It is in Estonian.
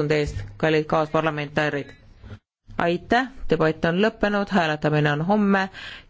tunde eest, kallid kaasparlamentäärid. aitäh, debatt on lõppenud, hääletamine on homme